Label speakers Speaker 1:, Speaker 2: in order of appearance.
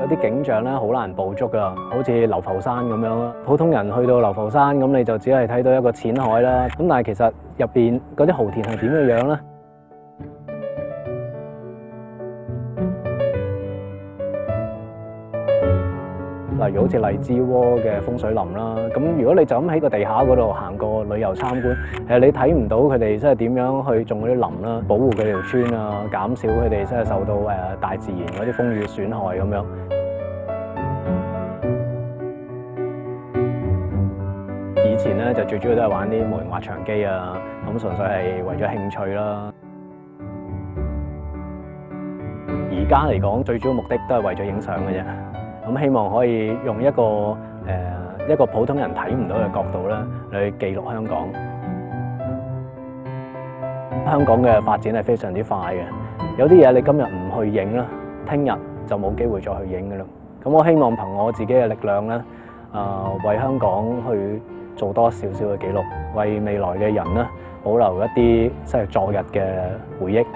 Speaker 1: 有啲景象咧，好難捕捉㗎，好似流浮山咁樣咯。普通人去到流浮山，咁你就只係睇到一個淺海啦。咁但係其實入邊嗰啲蠔田係點嘅樣咧？例如好似荔枝窩嘅風水林啦，咁如果你就咁喺個地下嗰度行過旅遊參觀，其實你睇唔到佢哋即係點樣去種嗰啲林啦，保護佢條村啊，減少佢哋即係受到誒大自然嗰啲風雨損害咁樣。以前咧就最主要都係玩啲模型滑翔機啊，咁純粹係為咗興趣啦。而家嚟講，最主要的目的都係為咗影相嘅啫。咁希望可以用一個誒一個普通人睇唔到嘅角度咧，去記錄香港。香港嘅發展係非常之快嘅，有啲嘢你今日唔去影啦，聽日就冇機會再去影嘅啦。咁我希望憑我自己嘅力量咧，誒為香港去做多少少嘅記錄，為未來嘅人咧保留一啲即係昨日嘅回憶。